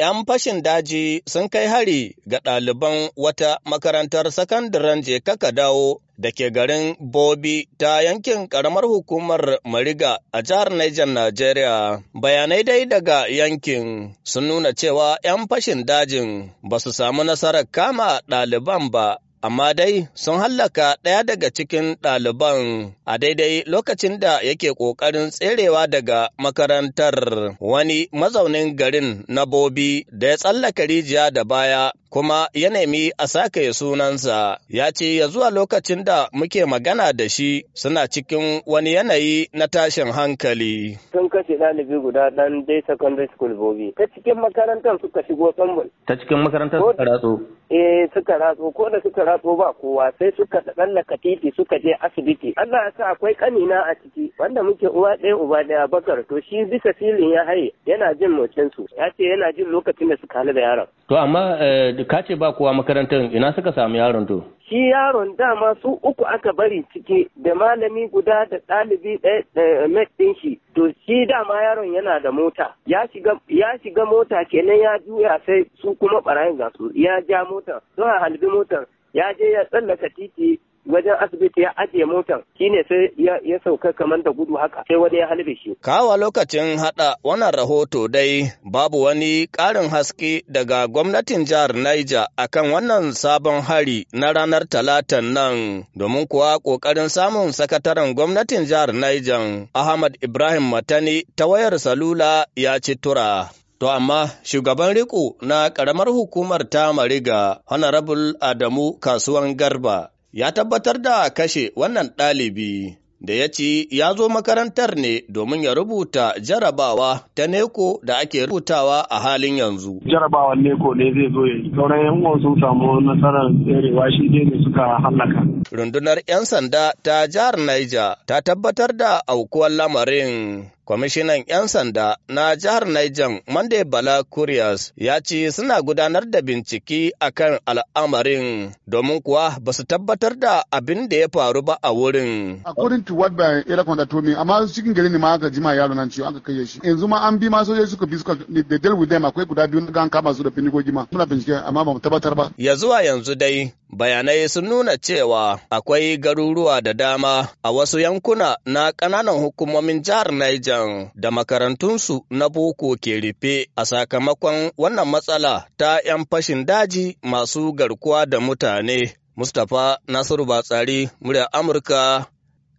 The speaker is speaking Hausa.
‘Yan fashin daji sun kai hari ga ɗaliban wata makarantar sakandaren kaka Dawo da ke garin Bobi ta yankin ƙaramar hukumar Mariga a jihar Niger, Najeriya. Bayanai dai daga yankin sun nuna cewa ‘yan fashin dajin ba su samu nasarar kama ɗaliban ba amma dai sun hallaka ɗaya daga cikin ɗaliban a daidai lokacin da yake ƙoƙarin tserewa daga makarantar wani mazaunin garin na bobi da ya tsallaka rijiya da baya kuma ya nemi a sake sunansa ya ce ya zuwa lokacin da muke magana da shi suna cikin wani yanayi na tashin hankali. Sun kashe ɗalibi guda ɗan dai secondary school bobi. Ta cikin makarantar suka shigo tsambul. Ta cikin makarantar suka ratso. Eh suka ratso ko da suka ratso ba kowa sai suka tsallaka titi suka je asibiti Allah ya sa akwai kanina a ciki wanda muke uwa ɗaya uba ɗaya bakar to shi bisa filin ya haye yana jin motsin su ya ce yana jin lokacin da suka hali da yaron to amma eh, ka ce ba kowa makarantar ina suka samu yaron to shi yaron dama su uku aka bari ciki da malami guda da ɗalibi ɗaya ɗin shi to shi dama yaron yana da mota ya shiga ya shiga mota kenan ya juya sai su kuma barayin gasu, ya ja mota don a halbi motar ya je ya tsallaka titi wajen asibiti ya ajiye motar ne sai ya sauka kamar da gudu haka sai wani ya halbe shi. Kawa lokacin hada wannan rahoto dai babu wani ƙarin haske daga gwamnatin jihar Niger akan wannan sabon hari na ranar talatan nan domin kuwa ƙoƙarin samun sakataren gwamnatin jihar Niger Ahmad Ibrahim Matani ta wayar salula ya ci tura. To amma shugaban riko na ƙaramar hukumar ta Mariga, Honorable Adamu Kasuwan Garba, ya tabbatar da kashe wannan ɗalibi da ya ci ya zo makarantar ne domin ya rubuta jarabawa ta neko da ake rubutawa a halin yanzu. Jarabawa neko ne zai zo ya yi, sauran yan uwan sun samu nasarar tserewa shi ne suka hallaka. Rundunar 'yan sanda ta jihar Niger ta tabbatar da aukuwar lamarin. Kwamishinan 'yan sanda na jihar Niger Monday Bala Curious ya ce suna gudanar da bincike akan al'amarin domin kuwa ba su tabbatar da abin da ya faru ba a wurin. According to what by era kwanda to me amma cikin gari ne ma aka jima yaro nan ciwo aka shi yanzu ma an bi ma sojoji suka bi suka da deal with them akwai guda biyu ga an kama su da finigogi ma muna bincike amma ba mu tabbatar ba ya zuwa yanzu dai bayanai sun nuna cewa akwai garuruwa da dama a wasu yankuna na kananan hukumomin jihar Niger da makarantunsu na boko ke rufe a sakamakon wannan matsala ta 'yan fashin daji masu garkuwa da mutane. Mustapha Nasiru Batsari, murya Amurka